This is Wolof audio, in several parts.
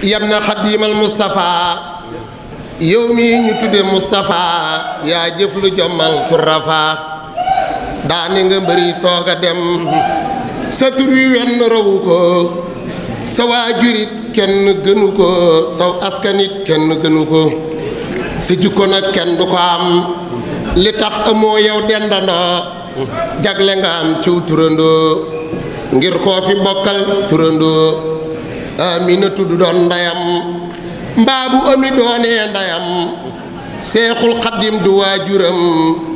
yab na xadiimal Moustapha yow mii ñu tudde Moustapha yaa jëf lu jommal su rafaa nga mbëri soog a dem sa tur wi wenn rawu ko sa waajurit kenn gënu ko saw askanit kenn gënu ko sa jikko nag kenn du ko am li tax amoo yow dendandoo jagle nga am ciw turandoo ngir koo fi bokkal turandoo aminatu du doon ndeyam mbaa bu ami doonee ndeyam seexul xaddim du waajuram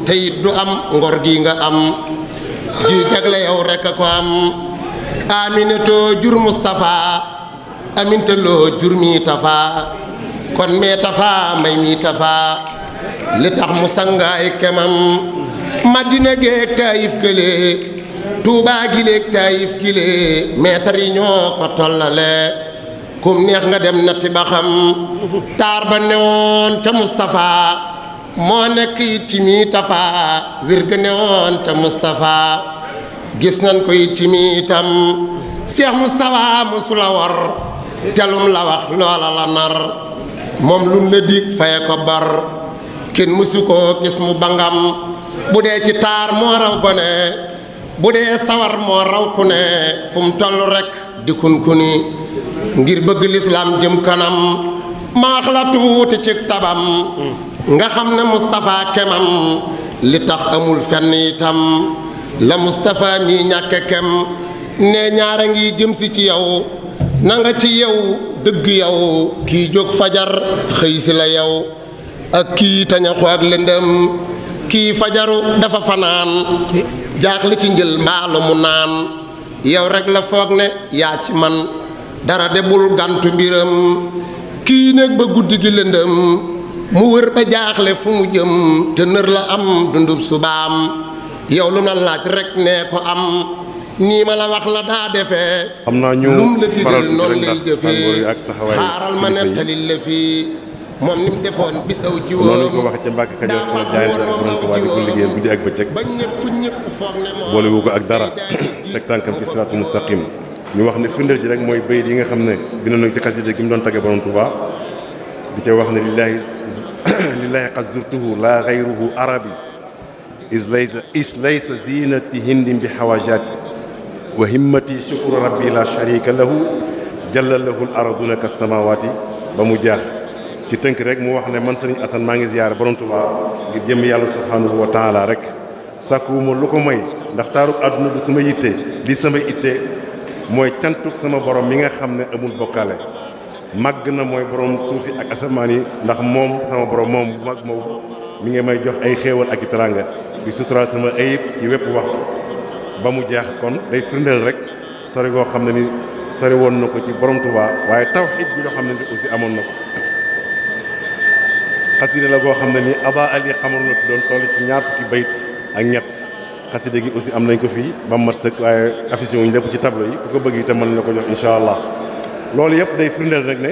te du am ngor gi nga am ji jagle rekk a ko am aminatoo jur Mustapha amintaloo jur mi tafa kon mee tafa may mi tafa li tax mu sangaay kemam madina geeg taayif gële Touba gileeg Taïf gile mètre yi ñoo ko tollale kum neex nga dem na ba xam taar ba newoon ca mustafa moo nekk it ci mii tafa wir ga newoon ca Moustapha gis nañ ko it ci mii itam Cheikh Moustapha mosu la war jalum la wax loola la nar moom lum la dig faye ko bar kenn mosu koo gis mu bangam bu dee ci taar moo raw gone bu dee sawar moo raw ku ne fu mu toll rek di kunkuni ngir bëgg lislaam jëm kanam maax la tuuti ci tabam nga xam ne Moustapha kemam li tax amul fenn itam la Moustapha mi ñàkk kem ne ñaara ngi jëm si ci yow na nga ci yow dëgg yow kii jóg fajar xëy la yow ak kii tañaxu ak lëndëm kii fajaru dafa fanaan jaaxle ci njël mbaalu mu naan yow rek la foog ne yaa ci man dara debul gàntu mbiram kii néeg ba guddi gi lëndëm mu wër ba jaaxle fu mu jëm te nër la am dundub subaam yow lu na laaj rek nee ko am nii ma la wax la daa defee. am naa ñu faral di rek xaaral ma nettali la fii. moom ni ko waxee ca Mbàkke Kajoor sama jaayante ak borom Tuubaa di ko liggéeyal guddi ak bëccëg boole wu ko ak dara teg tànkam ci siraatul ñu wax ne firndeel ji rek mooy bayit yi nga xam ne bind nañ ci xasida gi mu doon tagge borom Tuubaa di ca wax ne lillaahi lillaahi qad zurtuhu laa gayruhu arabi is laysa is laysa zinati hindin bi xawajaati wa himmati shukru rabbi la sharika lahu jalla lahu al ardu ka samawaati ba mu jaax ci tënk rek mu wax ne man sëriñ Assane maa ngi ziyaare borom Tuuba ngir jëm yàlla subhaanahu wa taala rek sàkkuwuma lu ko may ndax taarub àdduna du sama yitte li sama yitte mooy cantuk sama borom mi nga xam ne amul bokkaale màgg na mooy borom suufi ak asamaan yi ndax moom sama borom moom bu màgg moom mi ngi may jox ay xéewal ak i teraanga di suturaal sama ayib ci wépp waxtu ba mu jeex kon day firndeel rek sori goo xam ne ni sori woon na ko ci borom waaye tawxiid bi xam ne amoon na ko xasida la goo xam ne ni Aba Ali xamar na doon toll ci ñaar fukki bayit ak ñett xasida gi aussi am nañ ko fii ba mat sëkk waaye affiché wuñ lépp ci tableau yi ku ko bëgg itam mën na ko jox incha allah loolu yëpp day firndeel rek ne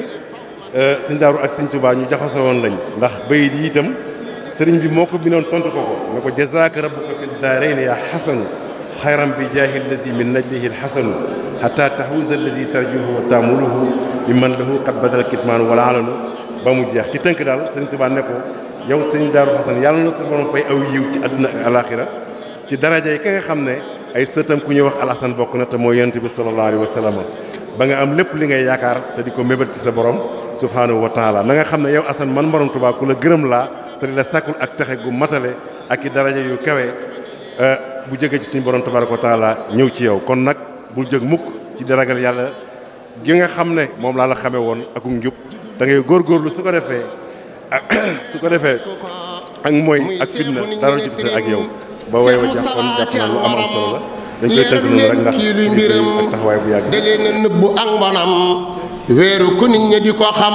euh, sëñ Daaru ak sëñ Tuubaa ñu jaxasoo woon lañ ndax bayit yi itam sëriñ bi moo ko bindoon tontu ko ko ne ko jazaaka rabbuka fi daarayni yaa xasanu xayran bi jaahi allazi min najlihi lxasanu xata tahwiza allazi tarjuhu wa taamuluhu bi ba mu jeex ci tënk daal sëriñ Tuubaa ne ko yow sëñ Daaru Xasan yàlla na sa borom fay aw yiw ci àdduna ak alaxira ci daraja yi ka nga xam ne ay sëtam ku ñuy wax alasan bokk na te mooy yonent bi sallallahu alayhi wa sallam ba nga am lépp li ngay yaakaar te di ko mébét ci sa borom subhanahu wa taala na nga xam ne yow asan man borom Tuubaa ku la gërëm laa te di la sàkkul ak texe gu matale ak i daraja yu kawe eh, bu jógee ci suñu borom tabaraka wa taala ñëw ci yow kon nag bul jóg mukk ci daragal yàlla gi nga xam ne moom laa la xamee woon akum njub da ngay góorgóorlu su ko defee su ko defee ak mooy ak fitna dara jub si ak ba way wa lu am am solo la dañ koy tëgg noonu kii luy mbiram taxawaay bu yàgg da leen a nëbbu ak wanam weeru ku nit ñi di ko xam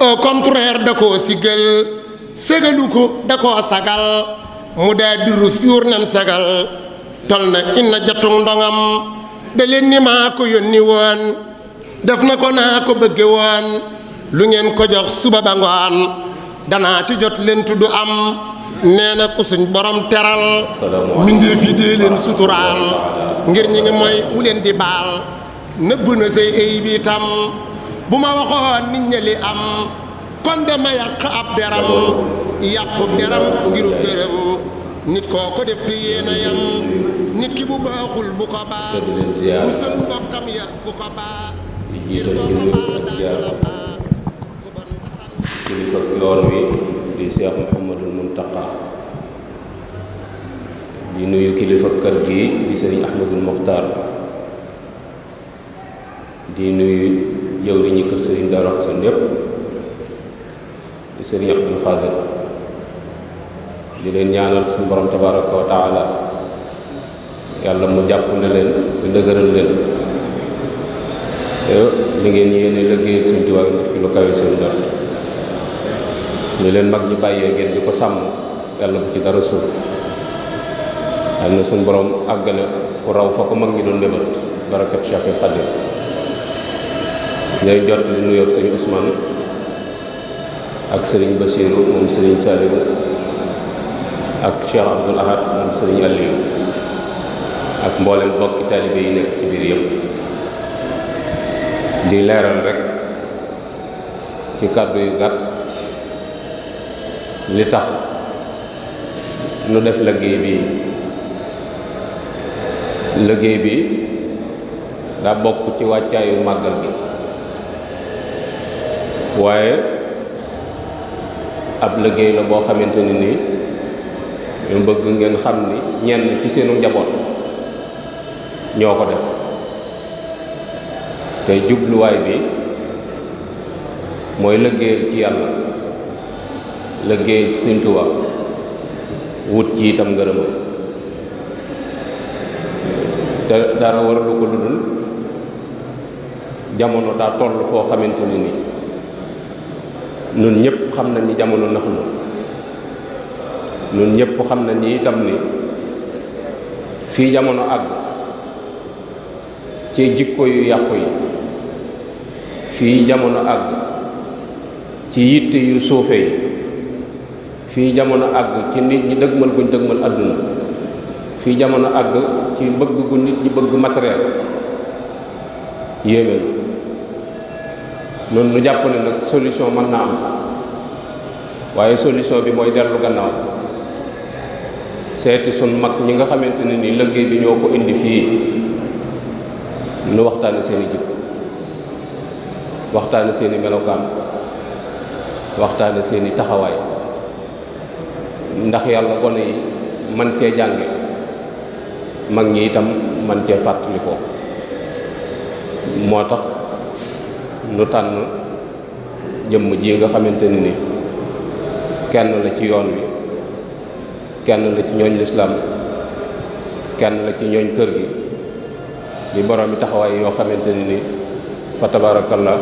au contraire da koo sigal ségalu ko da koo sagal mu daa diru suur nan sagal tol na inna jatug ndongam da leen ni maa ko yónni woon def na ko naa ko bëgge woon lu ngeen ko jox suba ba ngoon danaa ci jot leen du am nee na ku borom teral mbindéef yi dee leen suturaal ngir ñi ngi mooy wu leen di baal nëbb na say ay bi tam bu ma waxoon nit ñi li am kon dama yàq ab deram yàqu deram ngirub dërëm nit koo ko def di yéena yam nit ki bu baaxul bu ko baax bu sën bu ko baax kilifa yoon wi di Cheikh Mouhamadul Muntaqa di nuyu kilifa kër gi di sëriñ Ahmadul Muxtaar di nuyu jëwriñu kër sëriñ Daaru Xasan yépp di sëriñ Abdul Xaadir di leen ñaanal suñu borom tabaraka taala yàlla mu jàpp na leen di dëgëral leen te li ngeen yéene liggéeyal seen diwaan def ci lu kawe seen dara lu leen mag ñu bàyyee ngeen di ko sàmm yàlla bu ci dara suuf am na suñu borom àggale fu raw fa ko mag ñi doon lébat barakat Cheikh Xadim ñooy jot li nuyoo sëñ Ousmane ak sëriñ Basiiru moom sëriñ Saliou ak Cheikh Abdoul Ahad moom sëriñ Aliou ak mboolem bokki taalibe yi nekk ci biir yëpp di leeral rek ci kàddu yu gàtt li tax nu def liggéey bi liggéey bi daa bokk ci wàccaayu màggal gi waaye ab liggéey la boo xamante ne nii ñu bëgg ngeen xam ni ñenn ci seenu njaboot ñoo ko def te jubluwaay bi mooy liggéeyal ci yàlla liggéey Sëñ Tuubaa wut ci itam ngërëma te dara waralu ko lu dul jamono daa toll foo xamante nii ñun ñëpp xam nañ ni jamono nax na ñun ñëpp xam na ni itam ni fii jamono àgg ci jikko yu yàqu yi fii jamono àgg ci yitte yu suufe yi fii jamono àgg ci nit ñi dëgmal guñ dëgmal àdduna fii jamono àgg ci bëgg gu nit ñi bëgg matériel yéeme noonu nu jàpp ne nag solution mën naa am waaye solution bi mooy dellu gannaaw seeti sun mag ñi nga xamante ne ni liggéey bi ñoo ko indi fii nu waxtaani seeni jikko waxtaani seeni melokaan waxtaani seeni taxawaay ndax yàlla gone yi man cee jànge mag ñi itam man cee fàttalikoo moo tax nu tànn jëmm ji nga xamante ne ni kenn la ci yoon wi kenn la ci ñooñ lislaam kenn la ci ñooñ kër gi di borom yi taxawaay yoo xamante ne ni fa tabarakallah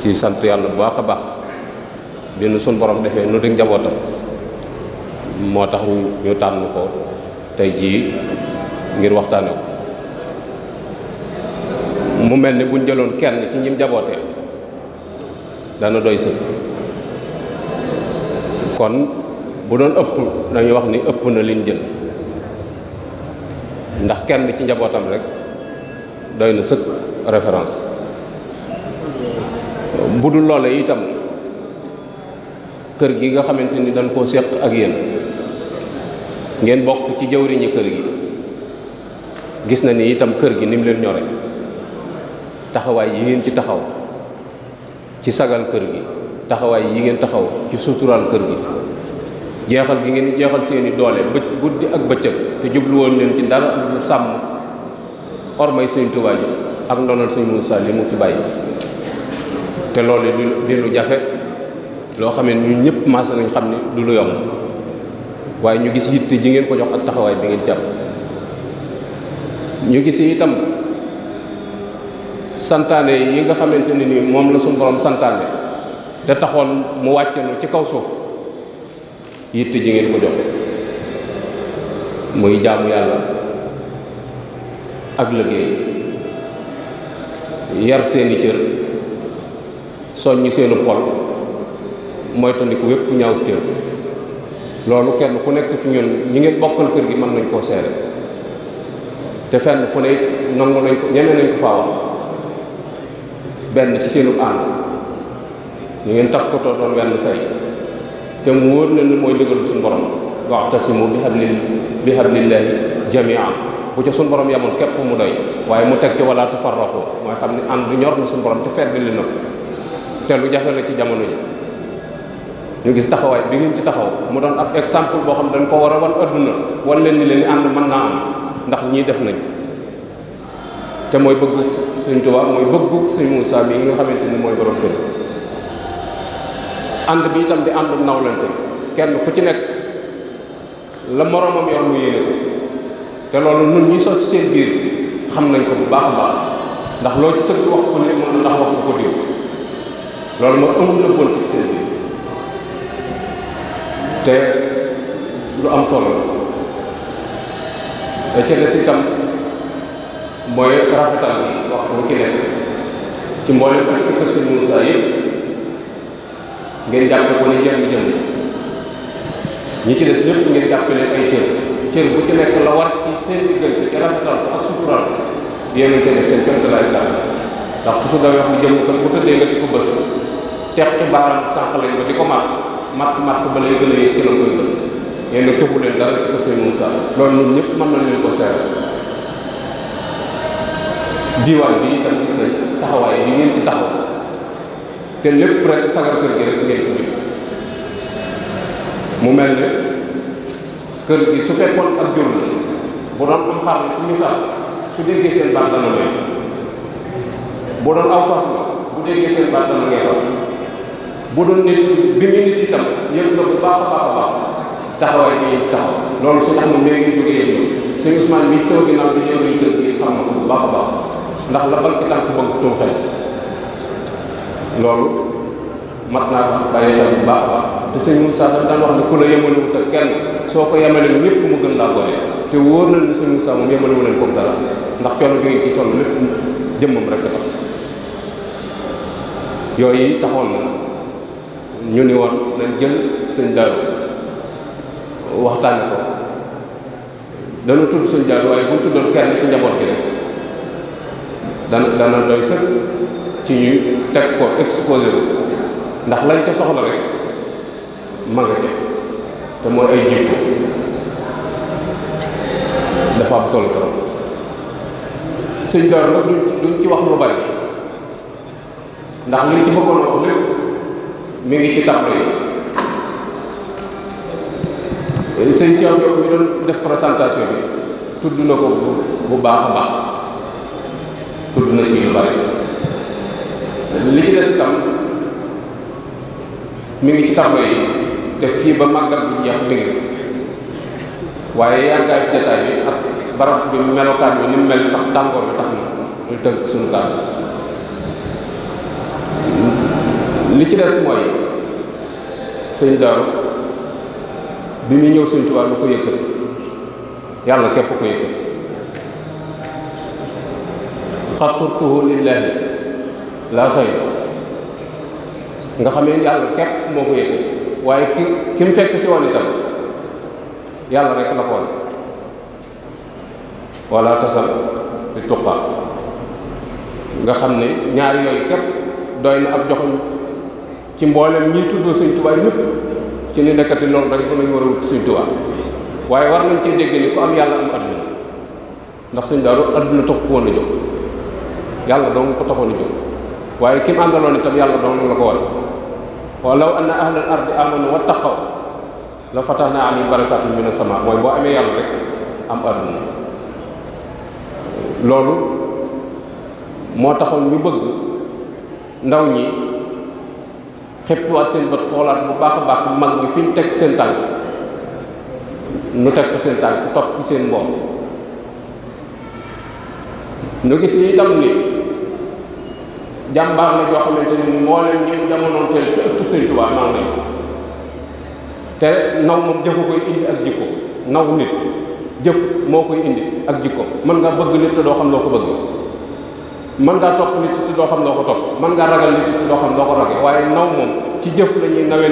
ci sant yàlla bu baax a baax bi nu sun borom defee nu di njabootam moo tax ñu tànn ko tey jii ngir waxtaane ko mu mel ni buñ jëloon kenn ci ñim jaboote dana doy sëkk kon bu doon ëpp nañu wax ni ëpp na liñ jël ndax kenn ci njabootam rek doy na sëkk référence bu dul loole itam kër gi nga xamante ni dañ koo séq ak yenn ngeen bokk ci jëwriñu kër gi gis na ni itam kër gi nim leen ñore taxawaay yi ngeen ci taxaw ci sagal kër gi taxawaay yi ngeen taxaw ci suturaal kër gi jeexal gi ngeen jeexal seeni doole bëcc guddi ak bëccëg te woon leen ci dara lu sàmm ormay Sëñ Tuubaa ji ak ndonal seen Muusaa li mu ci bàyyi te loolu di lu jafe loo xam ne ñun ñëpp maasa nañ xam ne du lu yomb waaye ñu gis yitte ji ngeen ko jox ak taxawaay bi ngeen ci ñu gis itam santaane yi nga xamante ne ni moom la suñu borom santaane te taxoon mu wàcce nu ci kaw suuf yitte ji ngeen ko jox muy jaamu yàlla ak liggéey yar seeni cër soññ seenu xol mooy tandiku wépp ñaaw téew loolu kenn ku nekk ci ñun ñi ngeen bokkal kër gi mën nañ koo seere te fenn fu ne nangu nañ ko ñeme nañ ko faa benn ci seenu ànd ñu ngeen tax ko doon wenn say te mu wóor na ni mooy dëggalu suñu borom waxtasimu bi habli bi hablillahi jamian bu ca suñu borom yamoon képp mu doy waaye mu teg ci wala tafarraqu mooy xam ne ànd ñor na suñu borom te fedd li na te lu jafe la ci jamono ji ñu gis taxawaay bi ngeen ci taxaw mu doon ab exemple boo xam dañ ko war a wan adduna wan leen ni leen ànd mën naa am ndax ñii def nañ te mooy bëgg sëñ Tuubaa mooy bëggu sëñ Muusaa mi nga xamante ni mooy borom kër ànd bi itam di àndu nawlante kenn ku ci nekk la moroomam yor mu yéene te loolu nun ñi soo ci seen biir xam nañ ko bu baax a baax ndax loo ci sëg wax ko ni mën ndax wax ko diw loolu ma amul na te lu am solo te ca des itam mooy rafetal bi wax bu ci nekk ci mboolem ak ci kër si Moussa yëpp ngeen jàppe ko ne jëm ay cër cër bu ci nekk la war ci seen diggante ci rafetal ak sutural yéen a ngi seen kër de laay daal ndax toujours da mu jëm kan bu tëddee nga di ko bës teq ci baaram sànq lañ di ko màq matt matt ba lay gën a yëg ci la koy bës yéen a dara ci ko seen Moussa loolu ñëpp mën nañ leen ko seetlu diwaan bi itam gis nañ taxawaay bi ngeen taxaw te lépp rek sagar kër gi rek ngeen ko mu mel ne kër gi su fekkoon ak jur la bu doon am xar ci misaal su déggee seen baat dana bu doon am fas bu déggee seen baat dana ngay bu dul nit bi ñu nit itam yëpp na bu baax a baax a baax taxawaay bi yëpp taxaw loolu su xam ne mbir ngi jógee yëpp sëñ Ousmane bu baax a baax ndax la bal ki tànk naa ko bàyyi xel a baax te sëñ Moussa dafa wax ne ku la yemalewut ak kenn soo ko yemalewu ñëpp mu gën laa gore te wóor na ne sëñ Moussa moom yemalewu dara ndax coono bi ngeen ci sonn lépp jëmmam rek dafa yooyu taxoon na ñu ni woon nañ jël sëñ daaru ko dana tudd sëñ daaru waaye bu ñu tuddoon kenn ci njaboot gi dana dana doy sëkk ci ñuy teg ko exposé ndax lañ ca soxla rek ma nga ca te mooy ay jikko dafa am solo trop sëñ daaru nag duñ ci wax lu bari ndax liñ ci bëggoon a wax mi ngi ci tableau yi sëñ Cheikh Diop mi doon def présentation bi tudd na ko bu baax a baax tudd na ci lu bari li ci des tam mi ngi ci tableau yi te fii ba màggal bi jeex mi ngi waaye yàggaay jataay bi ak barab bi melokaan bi ni mu ni tax tàngoor bi tax na lu tënk suñu kàddu li ci des mooy sëñ daaru bi muy ñëw sëñ Tuubaa lu ko yëkkati yàlla képp ko yëkkati xat surtuhu lillahi laa xëy nga xam ne yàlla képp moo ko yëkkati waaye ki ki fekk si woon itam yàlla rek la ko woon tasal di tuqaa nga xam ne ñaar yooyu képp doy na ab joxoñ ci mboolem ñiy tuddoo sëñ ñu ñëpp ci ni nekkati loolu rek bu lañu war a wut sëñ Tuubaa waaye war nañ cee dégg ni ku am yàlla am adduna ndax sëñ Daaru adduna tax ko woon a jóg yàlla dong ko taxoon a jóg waaye ki mu àndaloon itam yàlla dong la ko war a law anna ahlal ardi amanu wa taqaw la fatahna alayhim barakatun mina sama mooy boo amee yàlla rek am adduna loolu moo taxoon ñu bëgg ndaw ñi xëppiwaat seen bët xoolaat bu baax a baax mag bi fi ñu teg seen tànk nu teg fa seen tànk topp seen mboom nu gis ni itam ni na la joo xamante ni moo leen ñëw jamonoon teel ci ëttu Sëriñ Tuubaa moom jëfu koy indi ak jikko naw nit jëf moo koy indi ak jikko mën nga bëgg nit te doo xam loo ko bëgg man ngaa topp nit ci doo xam loo ko topp mën ngaa ragal nit ci doo xam loo ko rage waaye naw moom ci jëf lañuy ñuy nawe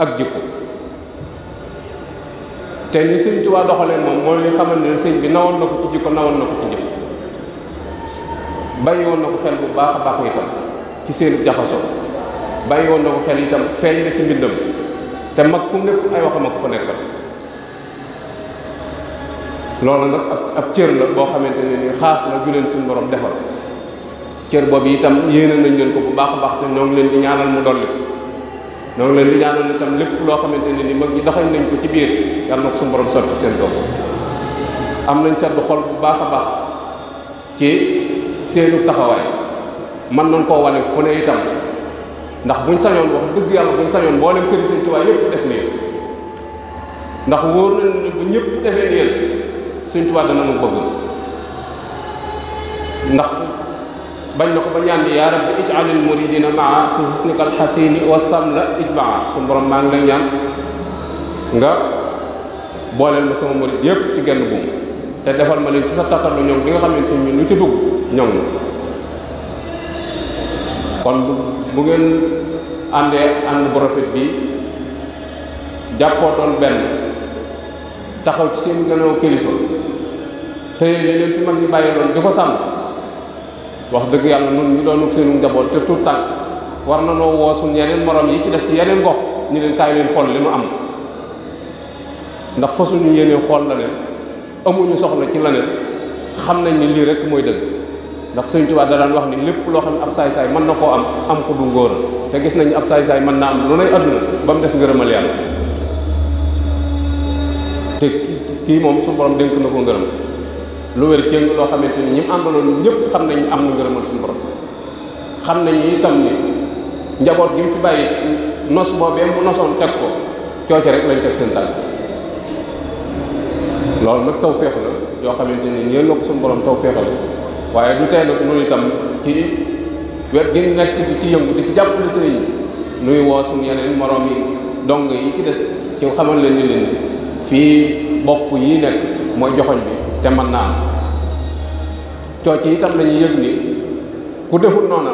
ak jikko te ni sëñ Tuubaa doxaleen moom mooy li xamal ne sëñ bi nawoon na ko ci jikko nawoon na ko ci jëf bàyyi woon na ko xel bu baax a baax itam ci seen jaxasoo bàyyi woon na ko xel itam feeñ na ci mbindam te mag fu nekk ay waxam ak fa la loolu nag ak ab cër la boo xamante ne ni xaas la ju leen suñu borom defal cër boobu itam yéene nañ leen ko bu baax a baax te ñoo leen di ñaanal mu dolli ñoo ngi leen di ñaanal lépp loo xamante ne ni mag ñi doxal nañ ko ci biir yàlla na ko suñu borom sotti seen doom am nañ seetlu xol bu baax a baax ci seenu taxawaay mën nañ koo wane fu ne itam ndax buñ sañoon wax dëgg yàlla buñ sañoon mboolem këri seen tubaay yëpp def nii ndax wóor nañ ne bu ñëpp defee nii seen tubaay dana nu bëgg ndax bañ na ko ba ñaan bi yaa rabbi ij'alil muridina maa fi husnikal xasini wa samla ijmaa suñu borom maa ngi la ñaan nga booleel ma sama murid yépp ci genn buum te defal ma leen ci sa tàttalu ñoom bi nga xam xamante ni lu ci dugg ñoom kon bu ngeen àndee ànd bu rafet bi jàppootoon benn taxaw ci seen gannaaw kilifa te li leen fi mag ñi bàyyi loon di ko sàmm wax dëgg yàlla nun ñu doon seenu njaboot te tout tànk war na noo woo suñ yeneen morom yi ci def ci yeneen gox ñu leen kaay leen xool li nu am ndax fa suñu yéenee xool la ne amuñu soxla ci la ne xam nañ ni lii rek mooy dëgg ndax Sëñ Tuubaa da daan wax ni lépp loo xam ne ab saay-saay mën na koo am am ko du ngóor te gis nañu ab saay-saay mën naa am lu nay àdduna ba mu des ngërëmal yàlla te kii moom su borom dénk na ko ngërëm lu wér cëng loo xamante ni ñi mu àndaloon ñëpp xam nañu am na ngërëmal suñu borom xam nañu itam ni njaboot gi mu fi bàyyi nos boobee nosoon teg ko cooce rek lañ teg seen tànk loolu nag taw féex la yoo xamante ni yéen la ko suñu féexal waaye du tey nag noonu itam ci wet gi nekk ci yëngu di ci jàppale sëriñ nuy woo suñu yeneen morom yi dong yi ci des ci xamal leen ni leen fii bopp yi nekk mooy joxoñ bi te man naa am cooc yi itam dañuy yëg ni ku deful noona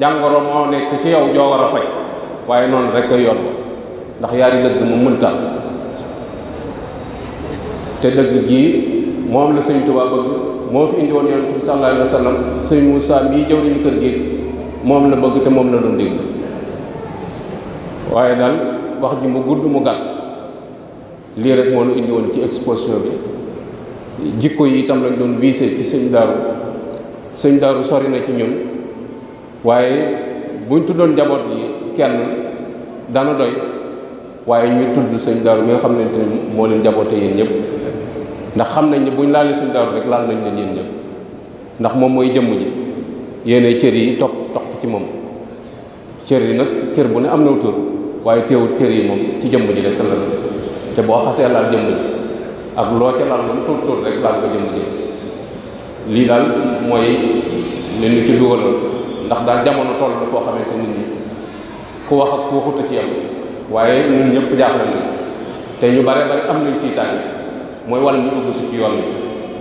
jàngoro moo nekk ci yow joo war a faj waaye noonu rek koy yoon ndax yaari dëgg mu mënta te dëgg gii moom la sëñ Tuubaa bëgg moo fi indi woon yonent bi sallallahu alayhi wa sallam sëñ Moussa mii jëwriñu kër gi moom la bëgg te moom la doon dégg waaye dal wax ji mu gudd mu gàtt lii rek moo nu indi woon ci exposition bi jikko yi itam lañ doon visé ci sëñ daaru sëñ daaru sori na ci ñun waaye buñ tuddoon njaboot yi kenn dana doy waaye ñuy tudd sëñ daaru mi nga xam ne moo leen njaboote yéen xam nañ ne buñ laalee sëñ daaru laal nañ leen yéen ñëpp ndax moom mooy jëmm ji yéenay cër yi topp topp ci moom cër yi nag cër bu ne am na tur waaye teewul cër yi moom ci jëmm ji rek la te boo xasee laa jëmm ji ak loo ca lal lu tuut tuut rek laal ko jëm jëm lii daal mooy li ñu ci dugalal ndax daal jamono toll na foo xamante nit ñi ku wax ci yam waaye ñun ñëpp jaaxle te ñu bare bare am nañ tiitaange mooy wàll ñu dugg si ci yoon bi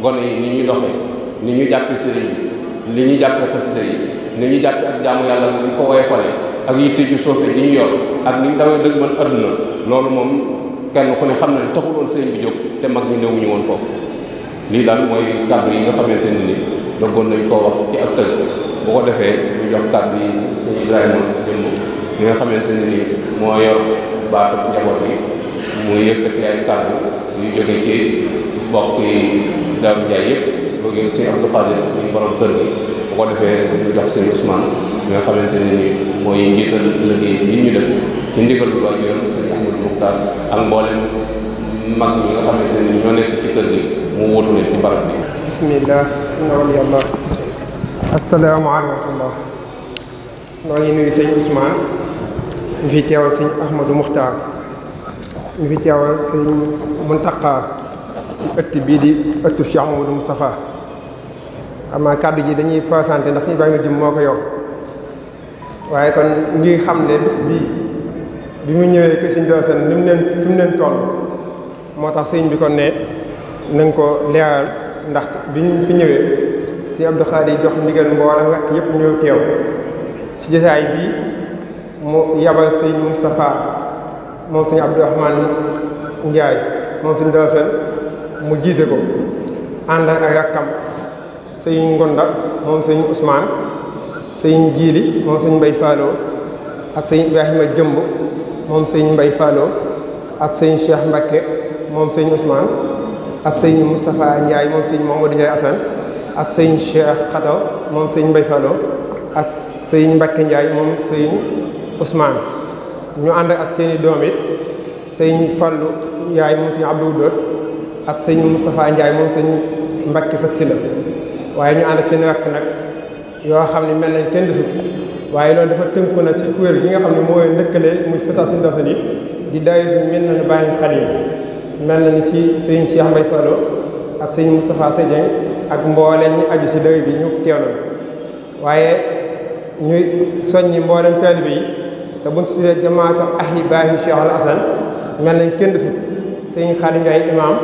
gone yi ni ñuy doxee ni ñuy jàpp sëriñ yi li ñuy jàpp xasida yi ni ñuy jàpp ak jaamu yàlla bu ñu ko woyee fale ak yitte ju soofe di ñu yor ak niñ ñu dawee dëgg man adduna loolu moom kenn ku ne xam na ne taxul woon sëriñ bi jóg te mag ñu newuñu woon foofu lii daal mooy kàddu yi nga xamante ne ni doggoon nañ koo wax ci ab tëj bu ko defee bu jox kàddu yi sëñ Ibrahima jëmm nga xamante ne nii moo yor baatu njaboot bi yu jóge ci bokk yi Daaru Njaay yëpp bëggee xamante ni mooy yi ñu ci ndigal lu waajuram sëñ daal ak mboolem mag ñi nga xamante ne ñoo nekk ci kër gi mu wutu leen ci barab bi. bismillah inna waliyallah. assalaamu aleykum. noo ngi nuyu sëñ Ousmane. ñu fi teewal sëñ Ahmadou Moukhtar. ñu fi teewal sëñ Mountakha. ci ëtt bii di ëttu Cheikh Mamadou Moustapha. xam naa kàddu gi dañuy présenté ndax suñu bàyyi ma jëm moo ko yor. waaye kon ñuy xam ne bis bi mu ñëwee kër sëñ Daaru Asan ni mu leen fi leen toll moo tax sëñ bi ko ne nañ ko leeral ndax bi ñu fi ñëwee si Abdou Khadre jox ndigal mboolem rek yëpp ñëw teew ci jotaay bi mu yabal sëñ Moustapha moom sëñ Abdourahmane moom sëñ Daaru mu jiite ko ànd ak rakkam sëñ Ngonda moom sëñ Ousmane sëñ Jiili moom sëñ Mbay Falloo ak sëñ Ibrahima Jëmb moom sëñ Mbay Fallo ak sëñ Cheikh Mbakke moom sëñ Ousmane ak sëñ Moustapha Ndiaye moom sëñ Mamadou Ndiaye Assane ak sëñ Cheikh Xataw moom sëñ Mbay Fallo ak sëñ Mbakke Ndiaye moom sëñ Ousmane ñu ànd ak seeni doom it sëñ Fallu Ndiaye moom sëñ Abdou Doot ak sëñ Moustapha Ndiaye moom sëñ Mbakke Fatsila waaye ñu ànd ak seen rakk nag yoo xam ne mel nañ kenn desut waaye loolu dafa tënku na ci kuréel nga xam ne mooy lëkkale muy sëtal si ndawsat yi di daayira mel na ni bàyyi xalim mel na ci sëñ Cheikh Mbaye Fallou ak sëñ ak mbooleem ñi si daayira bi ñu teewloon waaye ñuy soññi mbooleem taalibe yi te buñ si jamaatu ahibaahi Cheikh mel nañ kenn desut sëñ Xadim Njaay imaam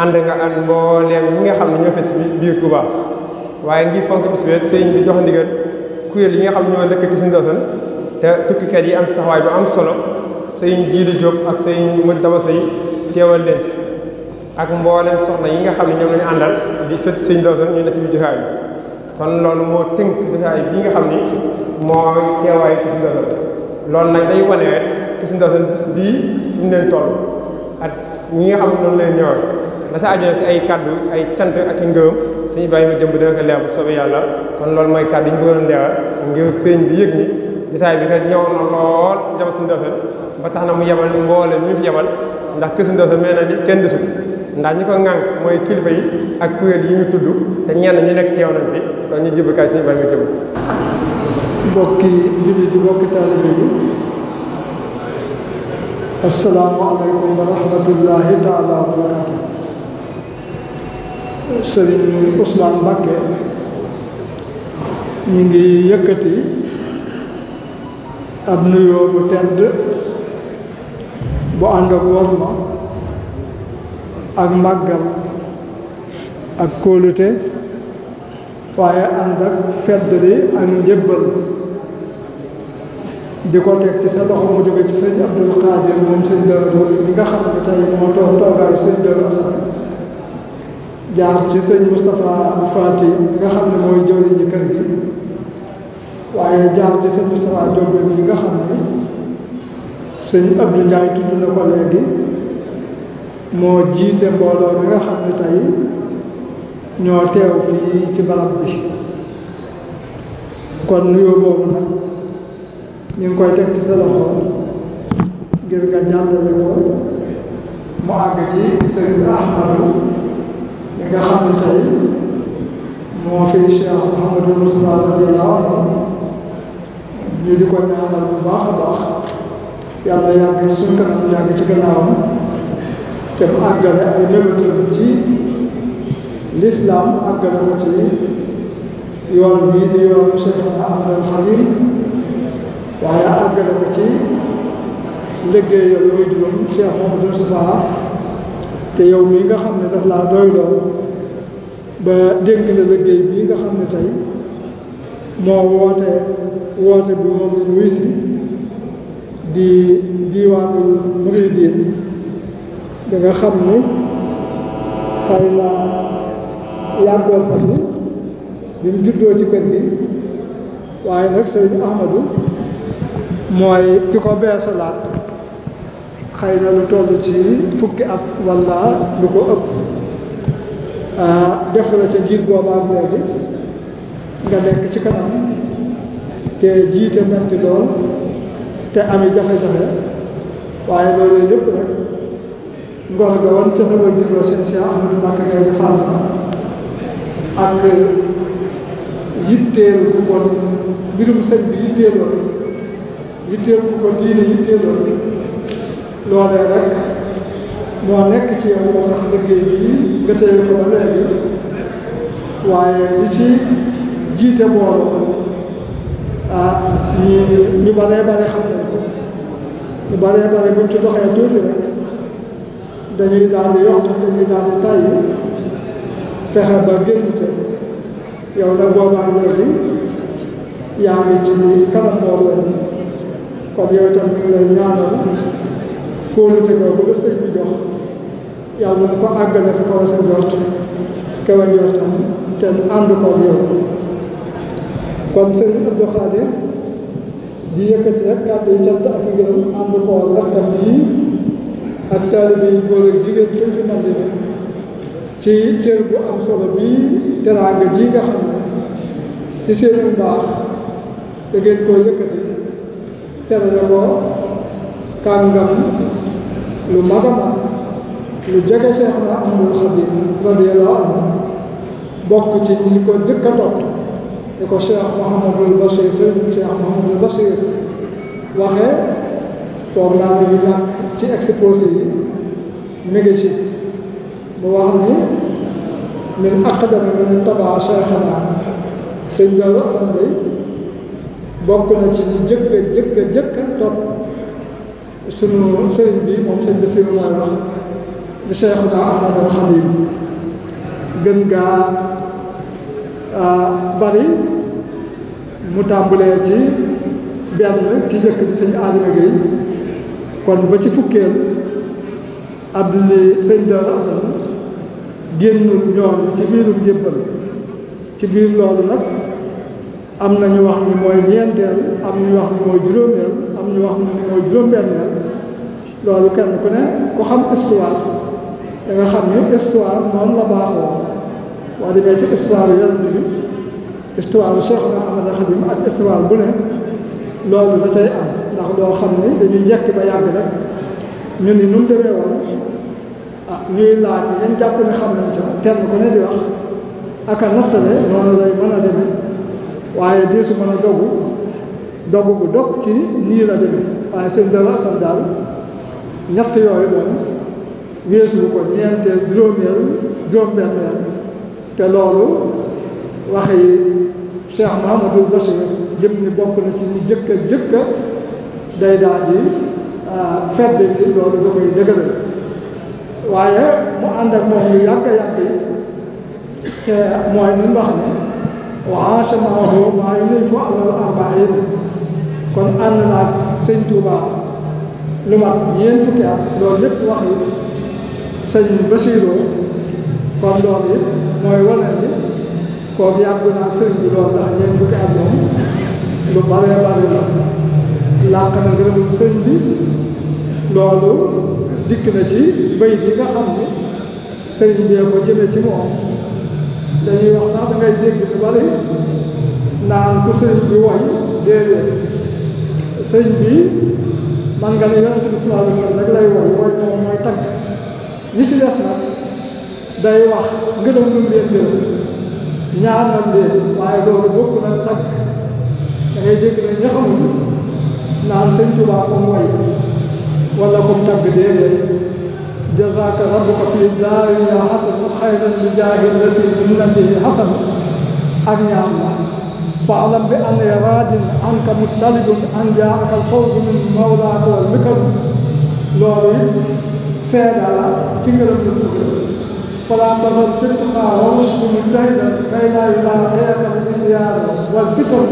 ànd nga ak mbooleem ñi nga xam ne ñoo fekk biir Touba waaye ngir fonk bis bi sëñ bi jox ndigal kuréel yi nga xam ñoo nekk ci suñu dosan te tukkikat yi am si taxawaay bu am solo sëñ Jiili Jóob ak sëñ mu dama sëy teewal leen fi ak mboolem soxna yi nga xam ne ñoom lañu àndal di sët sëñ dosan ñu nekk ci biir jotaay bi kon loolu moo tënk jotaay nga xam ni moo teewaay ci suñu dosan loolu nag day wane rek ci suñu dosan bis bii fi mu leen ak ñi nga xam noonu leen ñëwee la sa aju si ay kàddu ay cant ak i ngërëm suñu bàyyi ma jëmb dana ko leer bu soobee yàlla kon loolu mooy kàddu yi ñu bëggoon leeral ngir sëñ bi yëg ni na mu yabal mboole ñu fi yabal ndax kër ndax ñi ko ŋànk mooy kilifa yi ak kuréel yi ñu tudd te ñenn ñu nekk bàyyi ma jëmb mbokki julli di mbokki taalibe yi assalaamu aleykum wa rahmatullahi taala Sëriñ Ousmane Mbacké ñu ngi yëkkati ab nuyoo bu tedd bu ànd ak worma ak màggal ak kóolute waaye ànd ak fedd li ak njëbbal di ko teg ci sa loxo mu jóge ci sëñ Abdul Xaadir moom sëñ Daaru bi nga xam ne tey moo toog toogaayu sëñ Daaru Asan jaar ci sëñ Moustapha Fati nga xam ne mooy jëwriñ ñi kër waaye jaar ci sëñ Moustapha Diop bi nga xam ne sëñ Abdou Ndiaye tudd na ko léegi moo jiite mbooloo mi nga xam ne tey ñoo teew fii ci barab bi kon nuyoo boobu nag ñu ngi koy teg ci sa loxo ngir nga jàllale ko mu àgg ci sëñ Ahmadou li nga xam ne tey moo fi Cheikh Mouhamadou Moustapha radiyallahu anhu ñu di ko ñaanal bu baax a baax yàlla yàgg suñ kanam yàgg ci gannaawam te mu àggale ay mébétam ci lislaam àggale ko ci yoon bii di yoonu Cheikhna Ahmadul Khadim waaye àggale ko ci liggéeyal muy juróom Cheikh Mouhamadou Moustapha te yow mii nga xam ne daf laa doyloo ba dénk la liggéey bii nga xam ne tey moo woote woote bi moom lañ si di diiwaanul muridiin da nga xam ne xëy na yàggoon na bi mu juddoo ci kër gi waaye nag sëriñ Ahmadou mooy ki ko beesalaat xëy na lu toll ci fukki at walla lu ko ëpp ah, def la ca jiit boobaam léegi nga nekk ci kanam te jiite metti lool te ami jafe-jafe waaye lool lépp rek ngor ga woon ca sama juróom seen si Ahmadu Mbàkke ngay defal ak yitteel bu kon mbirum sëñ bi yitteeloon yitteel bu ko diine yitteeloon loolee rek moo nekk ci yow moo tax liggéey bii nga téye ko ba waaye li ci jiite mbooloo ah ñi ñu baree bare xam nañ ko ñu baree bare buñ ci doxee tuuti rek dañuy daal yokk dañuy daal di fexe ba génn ca yow nag boobaa léegi yaa ngi ci kanam mbooloo kon yow itam ñu ngi lay ñaanal kóolute ko ba nga sëñ bi jox yàlla na ko àggale fa kaw sa njort kawe njortam te mu ànd koog yow kon sëñ Abdou Khadir di yëkkati rek kàddu yi ak ngërëm ànd koog rakkam yi ak taalibe yi ak jigéen fi fi mën di ci cër bu am solo bii teraanga ji nga xam ne ci seen bu baax da ngeen koo yëkkati tere ko kàngam lu mag a mag lu jege Seexna Ahmadul Xadim radiyallahu anhu bokk ci ñi ko njëkk a topp di ko Cheikh Mahamadul Bachir Sëriñ Cheikh Mahamadul Bachir waxee foog naa ne ñu ñàkk ci exposé yi mi ngi ci mu wax ni min aqdami man tabaa Cheikhna sëñ Bello Assane bokk na ci ñi jëkk a a jëkk a topp sunu sëriñ bi moom sëñ Basiru mooy wax di Seexuna Ahmadul Xadim gën gaa bari mu tàmbulee ci benn ki njëkk di sëñ Adama Gueye kon ba ci fukkeel ab li sëñ Daaru Asan génnul ñoom ci biirum njëbbal ci biir loolu nag am na wax ni mooy ñeenteel am ñu wax ni mooy juróomeel am ñu wax ne mooy juróom-benneel loolu kenn ku ne ko xam histoire da nga xam ni histoire noonu la baaxoo boo demee ci histoire yonent bi histoire Cheikh na Ahmad Khadim ak histoire bu ne loolu da cay am ndax loo xam ni dañuy njëkk ba yàgg rek ñu ni nu mu demee woon ah ñuy laaj ñan jàpp ne xam nañ ca kenn ku ne di wax aka nattale noonu lay mën a demee waaye diisu mën a dogu dogg gu dog ci nii la demee waaye seen dala daal ñett yooyu moom weesu ko ñeenteel juróomeel juróom-benneel te loolu waxi Cheikh Mahamadul Bachir jëm ni bokk na ci ñu jëkka jëkka day daal di fedd bi loolu da koy dëgëral waaye mu ànd ak moom yu yàgg yàgg yi te mooy ni mu wax ne waa semence boobu waaye lay foo alal arbaayin kon ànd naag sëñ Touba lu mat ñeent fukki at loolu yëpp wax yi sëñ Basiiroo kon loolu yi mooy wane ni kooku yàgg naag sëñ bi loolu ndax ñeent fukki at moom lu baree bari la làq na ngërëmul sëñ bi loolu dikk na ci bay bi nga xam ne sëñ bee ko jëme ci moom dañuy wax sax dangay dégg lu bari naan ku sëñ bi woy déedéet sëñ bi man nga ne yonent bi lay woy woy moom mooy tagg ñi ci des day wax ngërëm lu leen gërëm ñaanal leen waaye loolu nag tagg da ngay dégg ne ña xamul naan sëñ Tuubaa ko mooy wala comme tagg déedéet jazaaka rabbuka fii daariya xasan xayran li jaahil rasil min nabihi xasan ak ñaan la فاعلم بأن راد عنك مطلب أن جاءك الفوز من مولاك والمكر loolu seeda la ci ngërëm lu dugg falaa tasal fitna wasu mu day la kay laa laa xeexa bi siyaar wal fitam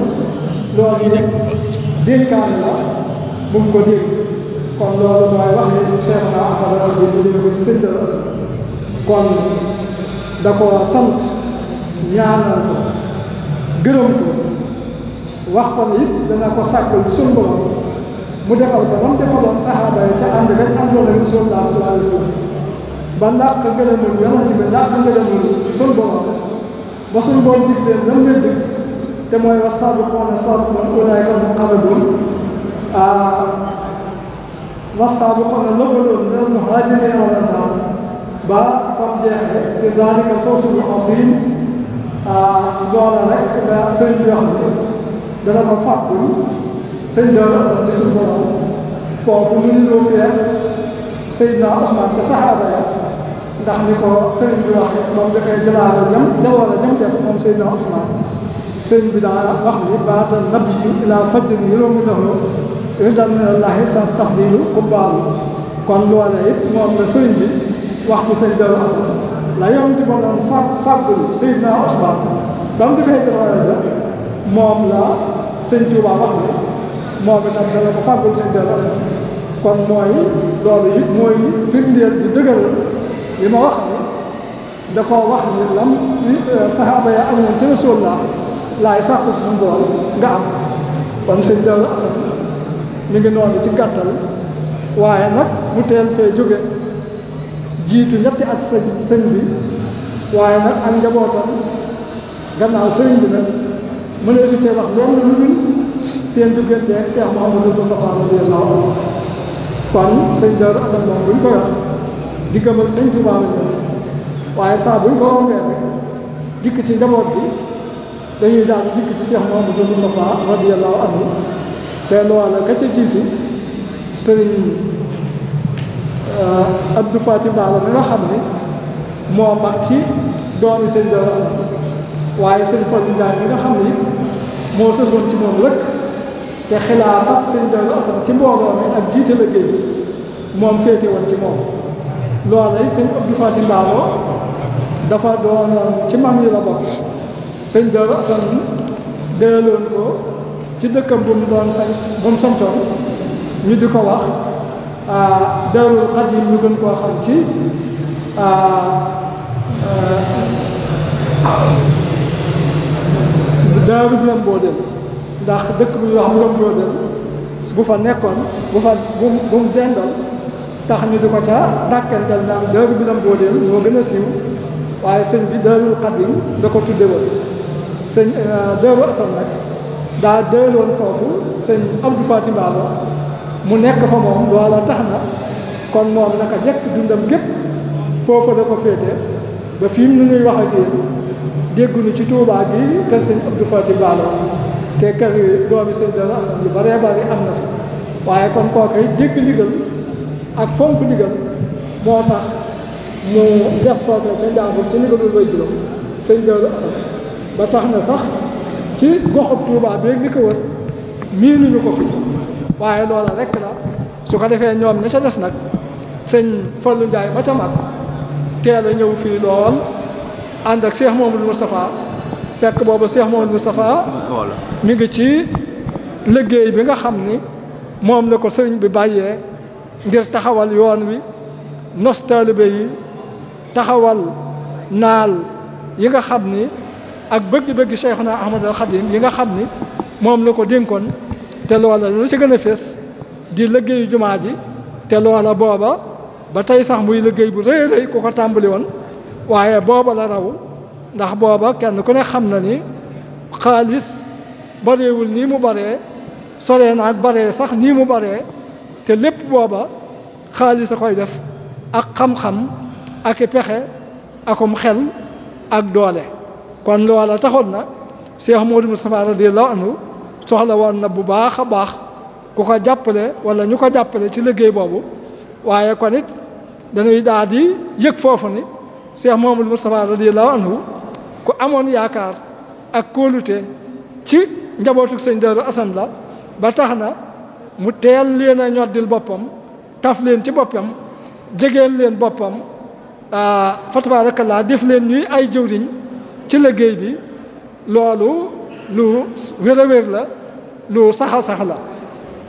loolu yëpp dénkaan la mu ngi kon loolu mooy wax yi Cheikh na Ahmad bi mu jëlee ko kon da koo sant gërëm ko wax ko ne it ko sàkkul suñu borom mu defal ko nam defaloon saxaaba yi ca ànd rek àndoon ak Rasulullah sallallahu ba làq ngërëmul yonent bi làq ngërëmul suñu borom ba suñu borom dig leen nam leen dig te mooy wa saabiquuna saabiquuna ulaa'ika al-muqarrabuun wa saabiquuna al-awwaluuna mina al-muhaajiriina ba fam jeexee te zaalika al-fawzul aziim loola rek da sëriñ bi wax ne dana ko fàttali sëñ Dóor sa ci suñu borom foofu lu ñu ñëw fee Seydina Ousmane ca saxaaba ya ndax ni ko sëriñ bi waxee moom dafay jëlaale jëm jawwala jëm def moom Seydina Ousmane sëriñ bi daa wax ni baata nabi yi ilaa fajj ni yëloo mu doxlu risdal minallahi sa tafdilu ku baalu kon loolee it moom la sëriñ bi wax ci sëñ Dóor Assane la yonent ba doon sàmm fàggul Seydina Usmaan ba mu defee jataaya ja moom la sëñ Tuubaa wax ne moom itam dana kon mooy loolu it mooy firndeel di dëgëral li ma wax ne da koo wax ne lam ci euh, saxaaba ya amoon ci Rasulullah laay sàkkul si suñu bool nga am kon sëñ Daaru Usmaan mi ngi noonu ci gàttal waaye nag mu teel fee jóge jiitu ñetti at sëñ sëñ bi waaye nag ak njabootam gannaaw sëriñ bi nag mu ne su tee wax lenn lu dul seen diggante ak Cheikh Mouhamadou Moustapha radiyallahu kon sëñ Darou ak sëñ Touba la ñu waaye ci njaboot dañuy daal ci Cheikh Mouhamadou te loola ka jiitu sëriñ Euh, Abdou Fatim Baalo mi nga xam ne moo mag ci doomi sëñ Darou Assane waaye sëñ Fallou Ndiaye nga xam ne moo sësoon ci moom lëkk te xilaafa sëñ Darou Assane ci mbooloo mi ak jiite liggéey bi moom féete woon ci moom loolay dafa doon ci mam yi la bokk sëñ Darou ko ci dëkkam bu mu doon sañ bu mu santoon ñu di ko wax Euh, daarul xadim ñu gën koo xam ci euh, euh, daaru Lambodel ndax dëkk bu ñu wax Lambodel bu fa nekkoon bu fa bu mu dendoon tax ñu di ko ca dàkkantel naan daaru bi Lambodel moo gën a siiw waaye sëñ bi daarul xadim da ko tudde woon sëñ daaru Asan nag daa dëloon foofu sëñ Abdou Fatim Baaba mu nekk fa moom loola tax na kon moom naka jekk dundam gépp foofu da ko féete ba fii mu nuy wax ak yéen dégguñu ci Touba gi kër sëñ Abdou Fati Ballo te kër yi doomi sëñ Darou Assane lu baree bari am na fi waaye kon kookoy dégg ndigal ak fonk ndigal moo tax mu ges foofee ca njaambur ci ndigalul way juróom sëñ Darou Assane ba tax na sax ci goxub Touba beeg li ko wër miinuñu ko fi waaye loola rek la su ko defee ñoom ña ca des nag sëñ Fallou njaay ba ca mag teel ñëw fii lool ànd ak Cheikh Mamadou Moustapha fekk boobu Cheikh Mamadou Moustapha mi ngi ci liggéey bi nga xam ni moom la ko sëriñ bi bàyyee ngir taxawal yoon wi nos taalibe yi taxawal naal yi nga xam ni ak bëgg-bëgg naa Ahmadul Xadim yi nga xam ni moom la ko dénkoon te loola lu ci gën a fés di liggéeyu jumaa ji te loola booba ba tey sax muy liggéey bu rëy rëy ku ko tàmbali woon waaye booba la raw ndax booba kenn ku ne xam na ni xaalis bareewul nii mu baree soree naag baree sax nii mu baree te lépp booba xaalis a koy def ak xam-xam ak i pexe akum xel ak doole kon loola taxoon na Cheikh Modou Moustapha radiyallahu anhu soxla woon na bu baax a baax ku ko jàppale wala ñu ko jàppale ci liggéey boobu waaye kon it dañuy daal di yëg foofu ni Cheikh Mouhamadou Moustapha radiyallahu anhu ku amoon yaakaar ak kóolute ci njabootu sëñ Darou Assane la ba tax na mu teel leen a ñoddil boppam taf leen ci boppam jegeel leen boppam ah, fa tabarakallah def leen ñuy ay jëwriñ ci liggéey bi loolu lu wér la lu saxa sax la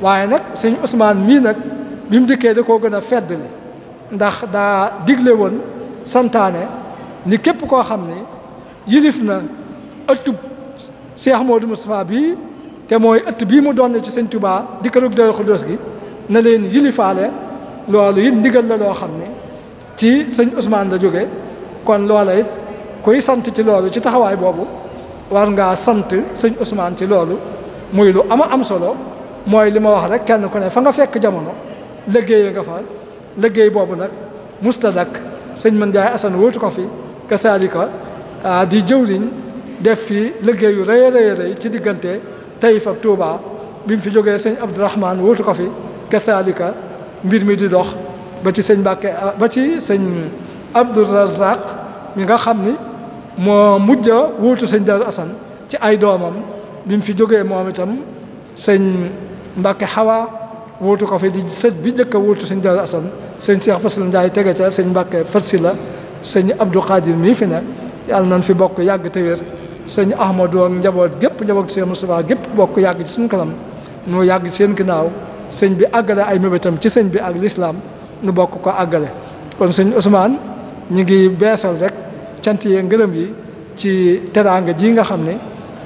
waaye nag sëñ Ousmane mii nag bi mu dikkee da koo gën a fedd li ndax daa digle woon santaane ni képp koo xam ne yilif na ëttub Cheikh Modou Moustapha bii te mooy ëtt bii mu doon ci sëñ Touba di kërug Daaru Xudoos gi na leen yilifaale loolu it ndigal la loo xam ne ci sëñ usmaan la jóge kon loola it kuy sant ci loolu ci taxawaay boobu war ngaa sant sëñ Ousmane ci loolu muy lu ama am solo mooy li ma wax rek kenn ku ne fa nga fekk jamono liggéey nga fa liggéey boobu nag mustadak sëñ mën jaay asan wóotu ko fi kasaalika ah, di jëwriñ def fi liggéeyu rëy rëy rëy ci diggante Taïf ak Touba bi mu fi jógee sëñ Abdourahman wóotu ko fi kasaalika mbir mi di dox ba ci sëñ Mbàkke ba ci sëñ Abdourazaq mi nga xam ni moo mujj a wóotu sëñ Daaru Asan ci ay doomam bi mu fi jógee moom itam sëñ Mbàkke Xawa wuutu ko fi di sët bi njëkk a wuutu sëñ Daaru Asan sëñ Seex Fasal Njaay tege ca sëñ Mbàkke Fatsi la sëñ Abdou Khadir mii fi ne yàlla nañ fi bokk yàgg te wér sëñ Ahmadou ak njaboot gépp njaboot sëñ Moustapha gépp bokk yàgg ci suñ kanam nu yàgg ci seen ginnaaw sëñ bi àggale ay mébétam ci sëñ bi ak lislaam nu bokk ko àggale kon sëñ Ousmane ñu ngi beesal rek cant yee ngërëm yi ci teraanga ji nga xam ne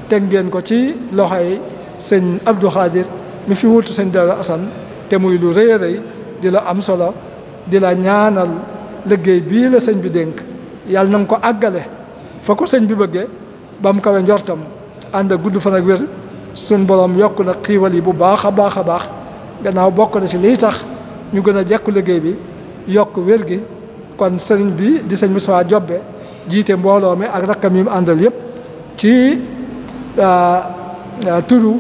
teg ngeen ko ci loxoy sëñ Abdou Khadir mi fi wutu sëñ Darou Assane te muy lu rëy a rëy di la am solo di la ñaanal liggéey bii la sëñ bi dénk yàlla na nga ko àggale fa ko sëñ bi bëggee ba mu kawe njortam ànd ak gudd fan ak wér suñ borom yokk na xiiwal yi bu baax a baax a baax gannaaw bokk na ci liy tax ñu gën a jekku liggéey bi yokk wér gi kon sëriñ bi di sëñ Moussa Jobbe jiite mbooloo mi ak rakkam yi mu àndal yépp ci Euh, euh, turu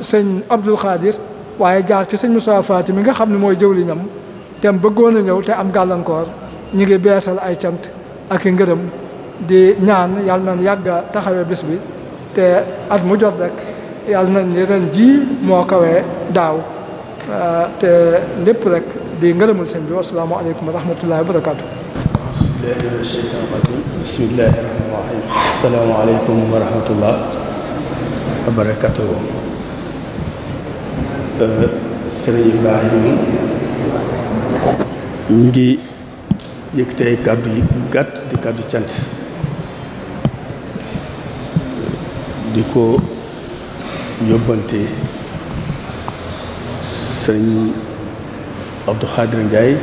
sëñ Abdul Xaadir waaye jaar ci sëñ Moussa Faati mi nga xam ne mooy jëwliñam te bëggoon a ñëw te am gàllankoor ñu ngi beesal ay cant ak i ngërëm di ñaan yàlla nañ yàgg taxawe taxawee bis bi te at mu jot rek yàlla nañ ni ren jii moo kawee daaw euh, te lépp rek di ngërëmul seen bi wasalaamu aleykum wa rahmatullahi wa barakaatu bismillahi rahmaani rahim asalaamaaleykum wa rahmatullah wa barakatuhu euh, sëriñ Ibrahima ñu ngi yëkkati ay kàddu yi gàtt di kàddu cant di ko yóbbante sëriñ Abdou Khadir Ndiaye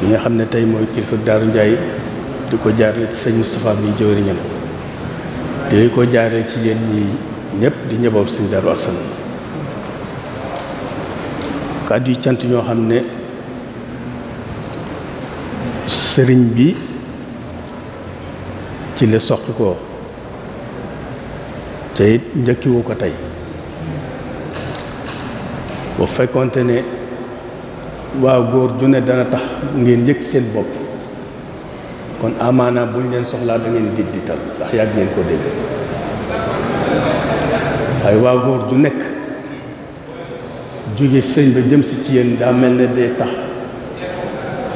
mi nga xam ne tey mooy kilifa Daaru Ndiaye di ko jaarale ci sëñ Moustapha yi jëwriñam yooyu ko jaaree ci yéen ñi ñëpp di ñëbaw suñu daru asan kàddu yi cant ñoo xam ne sëriñ bi ci la soqi ko te it njëkkiwu ko tey bu fekkonte ne waa góor ju ne dana tax ngeen yëg seen bopp kon amaana buñ leen soxlaa da ngeen dital ndax yàgg ngeen ko dégg waaye waa góor du nekk jóge sëñ ba jëm si ci yéen daa mel ne day tax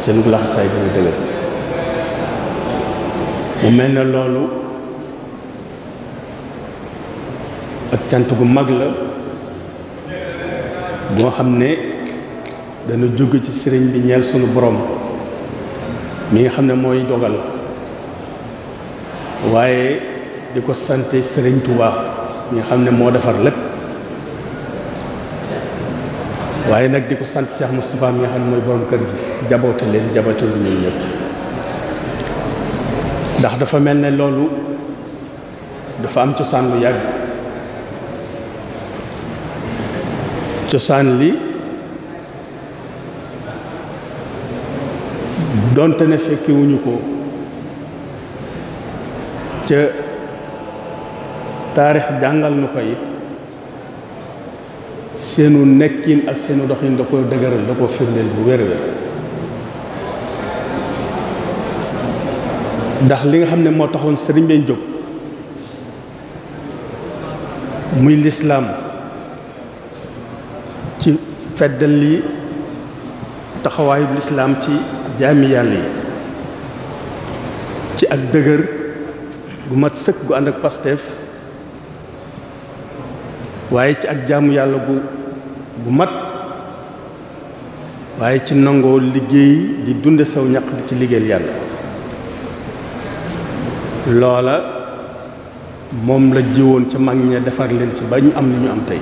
seen gulax saay dina dëgër mu mel na loolu ak cant gu mag la boo xam ne dana jóg ci sëriñ bi ñeel sunu borom mi nga xam ne mooy dogal waaye di ko sante Sëriñ Tuubaa mi nga xam ne moo defar lépp waaye nag di ko sant Cheikh Moustapha mi nga xam ne mooy borom kër gi jaboote leen jaboote lu ñun ñëpp ndax dafa mel ne loolu dafa am cosaan lu yàgg cosaan li donte ne fekkewuñu ko ca taarix jàngal nu ko it seenu nekkin ak seenu doxin da ko dëgëral da ko firndeel bu wér ndax li nga xam ne moo taxoon sëriñ bee jóg muy lislaam ci feddal li taxawaayu lislaam ci jaami yàlla yi ci ak dëgër gu mat sëkk gu ànd ak pasteef waaye ci ak jaamu yàlla gu gu mat waaye ci nangoo liggéey di dunde sew ñaq di ci liggéeyal yàlla loola moom la jiwoon ca mag ña defar leen ci ba ñu am li ñu am tey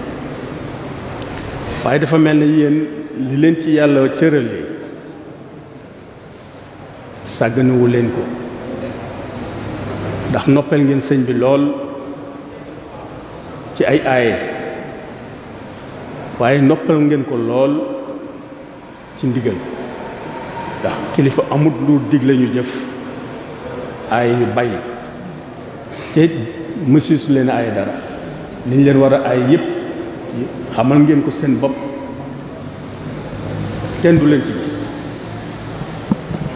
waaye dafa mel ne yéen li leen ci yàlla cërale sàgganewu leen ko ndax noppal ngeen sëñ bi lool ci ay aaye waaye noppal ngeen ko lool ci ndigal ndax kilifa amut lu digle ñu jëf aaye ñu bàyyi te mësi leen aaye dara li leen war a aaye yépp xamal ngeen ko seen bopp kenn du leen ci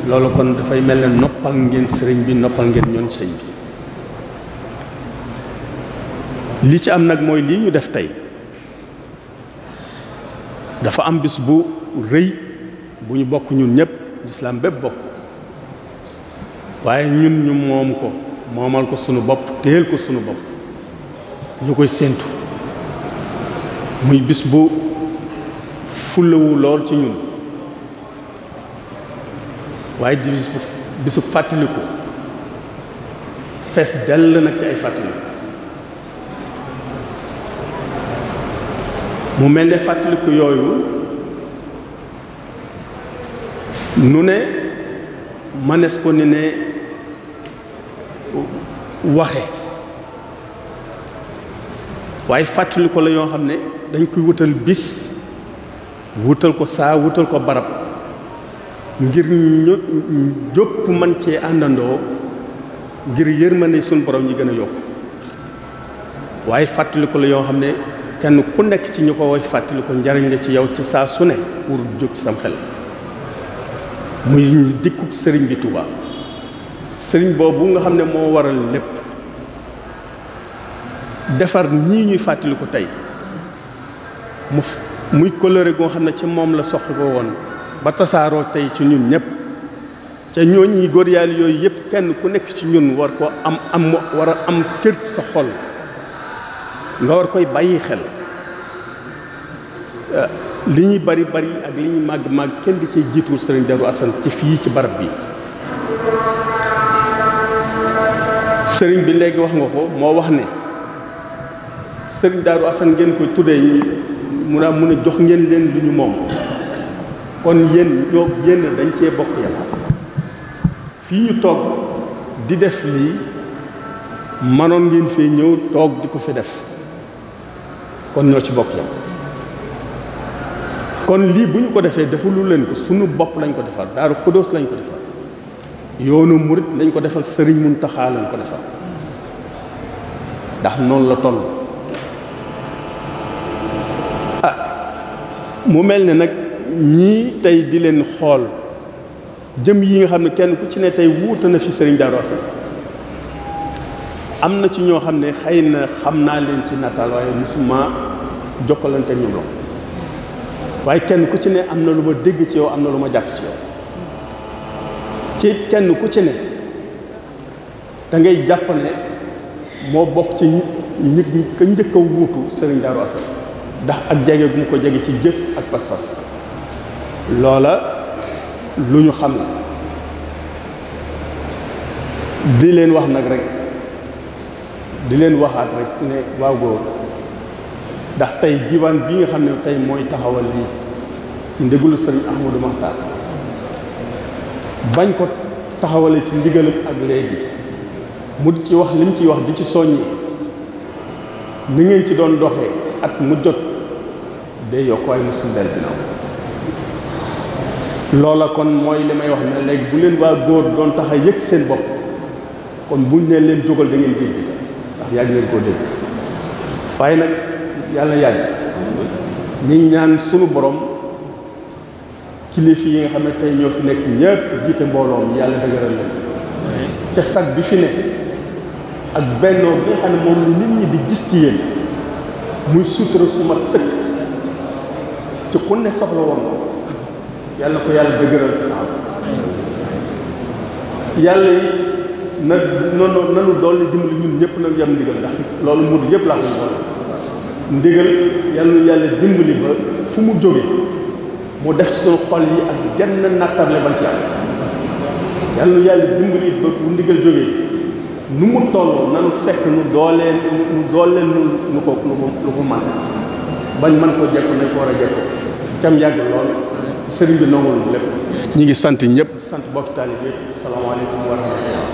loolu kon dafay mel na noppal ngeen sëriñ bi noppal ngeen ñoon sëñ bi li ci am nag mooy lii ñu def tey dafa am bis bu rëy bu ñu bokk ñun ñëpp lislaam bépp bokk waaye ñun ñu moom ko moomal ko sunu bopp téyel ko sunu bopp ñu koy séentu muy bis bu fulawu lool ci ñun waaye di bisu bisu fàttaliku fees dell nag ci ay fàttaliku mu mel ne fàttaliku yooyu nu ne mënees ko ni ne waxe waaye fàttaliku la yoo xam ne dañ koy wutal bis wutal ko saa wutal ko barab ngir ñë jópp man cee àndandoo ngir yërmande suñu borom ñi gën a yokk waaye fàttaliku la yoo xam ne kenn ku nekk ci ñu ko wax fàttaliku njariñ la ci yow ci saa su ne pour jóg samxel sam xel muy dikku sëriñ bi Touba sëriñ boobu nga xam ne moo waral lépp defar ñii ñuy fàttaliku tey mu muy coloré goo xam ne ci moom la soxla ko woon ba tasaaroo tey ci ñun ñëpp ca ñooñu ñi góor yàlla yooyu yëpp kenn ku nekk ci ñun war ko am am war a am cër ci sa xol nga war koy bàyyi xel euh, li ñuy bari bari ak li ñuy màgg màgg kenn di ci jiitul sëriñ Darou Assane ci fii ci barab bi sëriñ bi léegi wax nga ko moo wax ne sëriñ Darou Assane ngeen koy tuddee mun a mun a jox ngeen leen lu ñu moom kon yéen ñoo yéen dañ cee bokk yàlla fii ñu toog di def lii manoon ngeen fee ñëw toog di ko fi def kon ñoo ci bokk yàlla kon lii bu ñu ko defee defalul leen ko sunu bopp lañ ko defal daaru xudóos lañ ko defal yoonu murit lañ ko defal sëriñ Muntaxa lañ ko defal ndax noonu la toll ah mu mel ne nag ñii tey di leen xool jëm yi nga xam ne kenn ku ci ne tey wuute na fi sëriñ Darou am na ci ñoo xam ne xëy na xam naa leen ci nataal waaye musuma jokkalante ñoom la waaye kenn ku ci ne am na lu ma dégg ci yow am na lu ma jàpp ci yow ci kenn ku ci ne dangay ngay jàpp ne moo bokk ci nit ñi ka njëkk a wuutu Serigne Darou ndax ak jege gu mu ko jege ci jëf ak pas-pas loola lu ñu xam la di leen wax nag rek di leen waxaat rek ne waaw góor ndax tey diwaan bi nga xam ne tey mooy taxawal lii ci ndigalu sëriñ Ahmadou Makhtar bañ ko taxawale ci ndigalam ak léegi mu di ci wax lim ciy wax di ci soññi ni ngeen ci doon doxee ak mu jot day yokk waaye mu bi dina loola kon mooy li may wax ne léegi bu leen waa góor doon tax a yëg seen bopp kon buñ ne leen jógal da ngeen dégg ndax yàgg ngeen koo dégg waaye nag yàlla yàgg ñu ñaan sunu borom kilifa yi nga xam ne tey ñoo fi nekk ñëpp jiite mbooloom yàlla dëgëral leen ca sag bi fi ne ak bennoo bi nga xam ne moom nit ñi di gis ci muy sutura su sëkk ci ku soxla woon yàlla ko yàlla dëgëral ci sax yàlla yi na noonu nanu dolli dimbali ñun ñëpp nag yam ndigal ndax loolu mut yëpp laa ko boole ndigal yàlla yàlla dimbali ba fu mu jóge mu def ci suñu xol yi ak genn nattable ban ci am yàlla yàlla dimbali ba bu ndigal jógee nu mu toll nanu fekk nu doolee nu doolee nu nu ko nu ko man bañ mën ko jekk nañ ko war a jekk cam yàgg lool sëriñ bi nangul lépp. ñu ngi sant ñëpp sant bokki taalibe yëpp salaamaaleykum wa